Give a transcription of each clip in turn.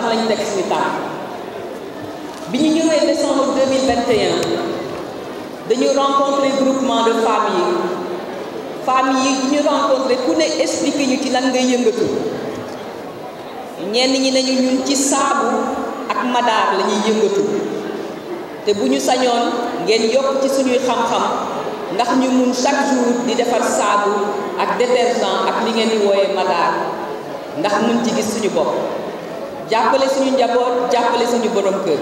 fan lañ teg suñu tànk bi ñu ñëwee décembre 2021 dañu rencontré groupement de femmes yi femmes yi ñu rencontré ku ne expliqué ñu ci lan ngay yëngatu ñenn ñi nañu ñun ci saabu ak madaar la ñuy yëngatu te bu ñu sañoon ngeen yokk ci suñuy xam-xam ndax ñu mun chaque jour di defar saabu ak détergent ak li ngeen di wooyee madaar ndax mun ci gis suñu bopp jàppale suñu njaboot jàppale suñu borom kër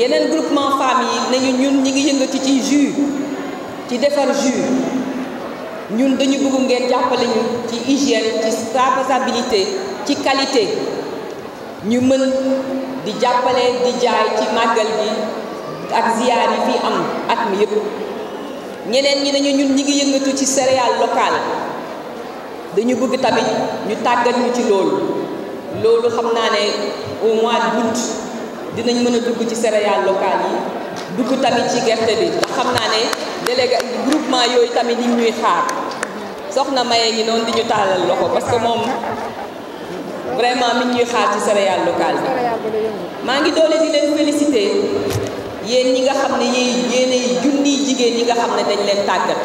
yeneen groupement femmes yi nañu ñun ñi ngi yëngatu ci jus ci defar jus ñun dañu bugg ngeen jàppale ñu ci hygiène ci traçabilité ci qualité ñu mën di jàppale di jaay ci màggal gi ak ziyaar yi fi am at mi ñeneen ñi nañu ñun ñi ngi yëngatu ci céréales locales dañu bëgg tamit ñu tàggat ñu ci loolu loolu xam naa ne au mois d'août dinañ mën a dugg ci céréales locales yi dugg tamit ci gerte bi ndax xam naa ne délégué groupement yooyu tamit nit ñuy xaar soxna Maye ngi noonu di ñu taalal loxo parce que moom vraiment mi ñuy xaar ci céréales locales bi maa ngi doole di leen féliciter yéen ñi nga xam ne yéenay junniy jigéen ñi nga xam ne dañ leen tàggat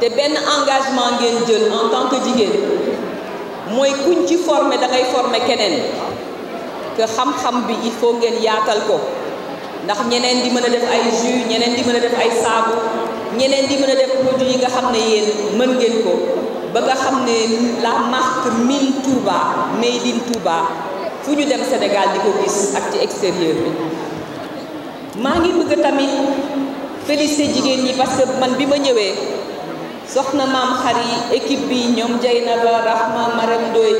te benn engagement ngeen jël en tant que jigéen mooy kuñ ci formé da ngay formé keneen que xam-xam bi il faut ngeen yaatal ko ndax ñeneen di mën a def ay jus ñeneen di mën a def ay saabu ñeneen di mën a def produit yi nga xam ne yéen mën ngeen ko ba nga xam ne la marque Mine Touba Made in Touba fu ñu dem senegal di ko gis ak ci extérieur bi maa ngi bëgg tamit félicité jigéen ñi parce que man bi ma ñëwee soxna maam xar yi équipe bi ñoom Jaynaba Rahma Maram Ndoy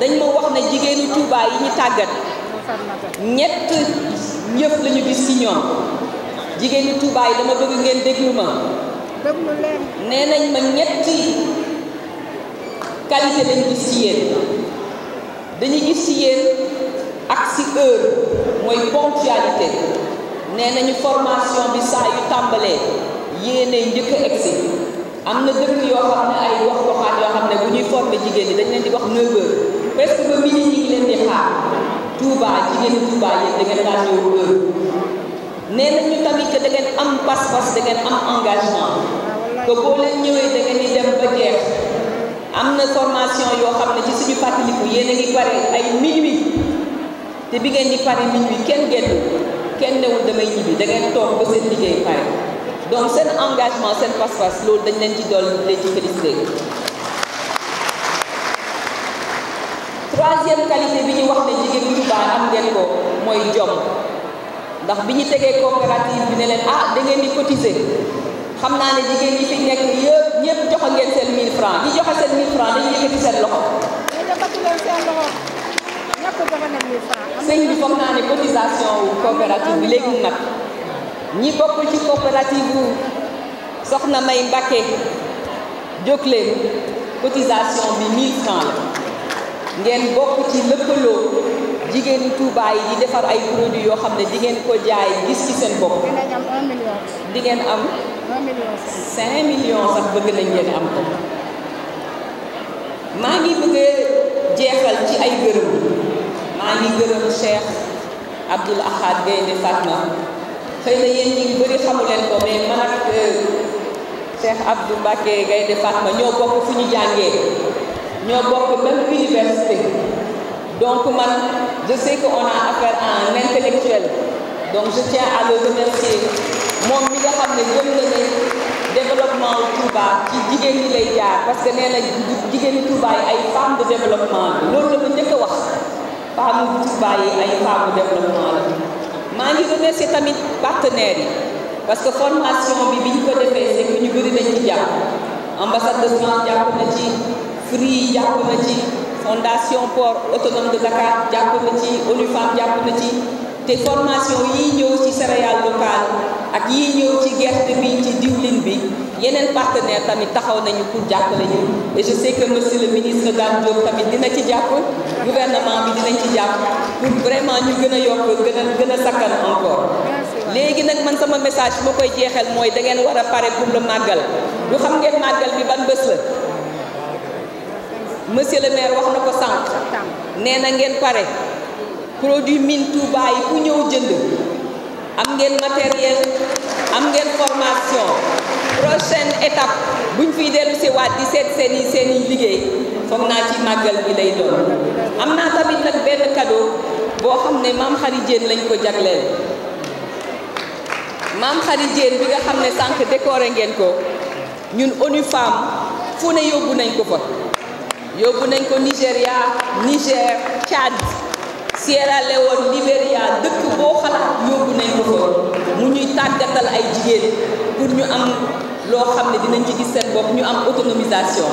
dañ ma wax ne jigéenu Touba yi ñu tàggat ñett ñëpp lañu gis ci ñoom jigéenu Touba yi dama bëgg ngeen déglu ma nee nañ ma ñetti qualité lañu gis ci yéen dañu gis ci yéen ak ci heure mooy ponctualité nee nañu formation bi saa yu tàmbalee yéene njëkk a am na dëkk yoo xam ne ay wax waxaat yoo xam ne bu ñuy former jigéen ñi dañu leen di wax 9 heures presque ba midi ñi ngi leen di xaar Touba jigéenu Touba yéen da ngeen daan ñëw heure nee nañu tamit que da ngeen am pas-pas da am engagement que boo leen ñëwee da di dem ba jeex am na formation yoo xam ne ci suñu fàttaliku yéen a ngi pare ay minuit te bi ngeen di pare minuit kenn gendu kenn newul damay ñibbi da ngeen toog ba seen liggéey pare donc seen engagement seen pas-pas loolu dañ leen ci dool leen ci félicité troisième qualité bi ñuy wax ne jigéen Touba am ngeen ko mooy jom ndax bi ñu tegee coopérative bi ne leen ah da ngeen di cotiser xam naa ne jigéen ñi fi nekk yëpp ñëpp joxe ngeen seen 1000 francs ñi joxe seen 1000 francs dañu yëkkati seen loxo sëñ bi foog naa ne cotisation wu bi léegi nag ñi bokk ci coopérative bu soxna May Mbacké jóg leen cotisation bi 1000 francs la ngeen bokk ci lëkkaloo jigéenu Touba yi di defar ay produits yoo xam ne di ngeen ko jaay gis ci seen bopp. di ngeen am 1 million 5 millions bëgg nañ ngeen am ko maa ngi bëgg jeexal ci ay gërëm maa ngi gërëm Cheikh Abdoul Ahad Gaynde Fatma. xëy na yéen ñi bëri xamu ko mais man ak euh, Cheikh Abdou Mbacké Gaynde Fatma ñoo bokk fu ñu jàngee ñoo bokk même université donc je sais que on a affaire à un intellectuel le remercier moom mi nga xam ne gëm na ne développement Touba ci jigéen ñi lay jaar parce que nee na jigéen ñi Touba yi ay femmes de loolu la ma njëkk a wax femmes Touba yi ay femmes de la maa ngi remercier tamit partenaires yi parce que formation bi bi ñu ko defee c'est que ñu bëri nañ ci jàpp ambassade de France jàpp na ci Free jàpp na ci fondation port autonome de Dakar jàpp na ci ONU Femmes jàpp na ci te formation yi ñëw ci céréales locales ak yi ñëw ci gerte bi ci diwlin bi yeneen partenaire tamit taxaw nañu pour jàppale ñu et je sais que monsieur le ministre Dame Diop tamit dina ci jàpp gouvernement bi dinañ ci jàpp pour vraiment ñu gën a yokk gën a gën a sakkan encore léegi nag man sama message bu ma koy jeexeel mooy da ngeen war a pare pour le màggal lu xam ngeen màggal bi ban bés la monsieur le maire wax na ko sànq nee na ngeen pare produit Mine Touba yi ku ñëw jënd am ngeen matériel am ngeen formation prochaine étape buñ fiy dellu si waat di seet seeni i seen liggéey foog naa ci màggal bi lay doon am naa tamit nag benn cadeau boo xam ne maam xari jéen lañ ko jagleel maam xari jéen bi nga xam ne sànq décoré ngeen ko ñun ONU Femmes fu ne yóbbu nañ ko fa yóbbu nañ ko Nigéria Niger Tchad Sierra Leone Libéria dëkk boo xalaat yóbbu nañ ko fa mu ñuy tàggatal ay jigéen pour ñu am loo xam ne dinañ ci gis seen bopp ñu am autonomisation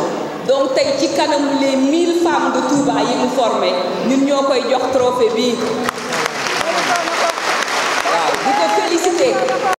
donc tey ci kanamu les mille femmes de Touba yi mu formé ñun ñoo koy jox trophée bi waaw di ko félicité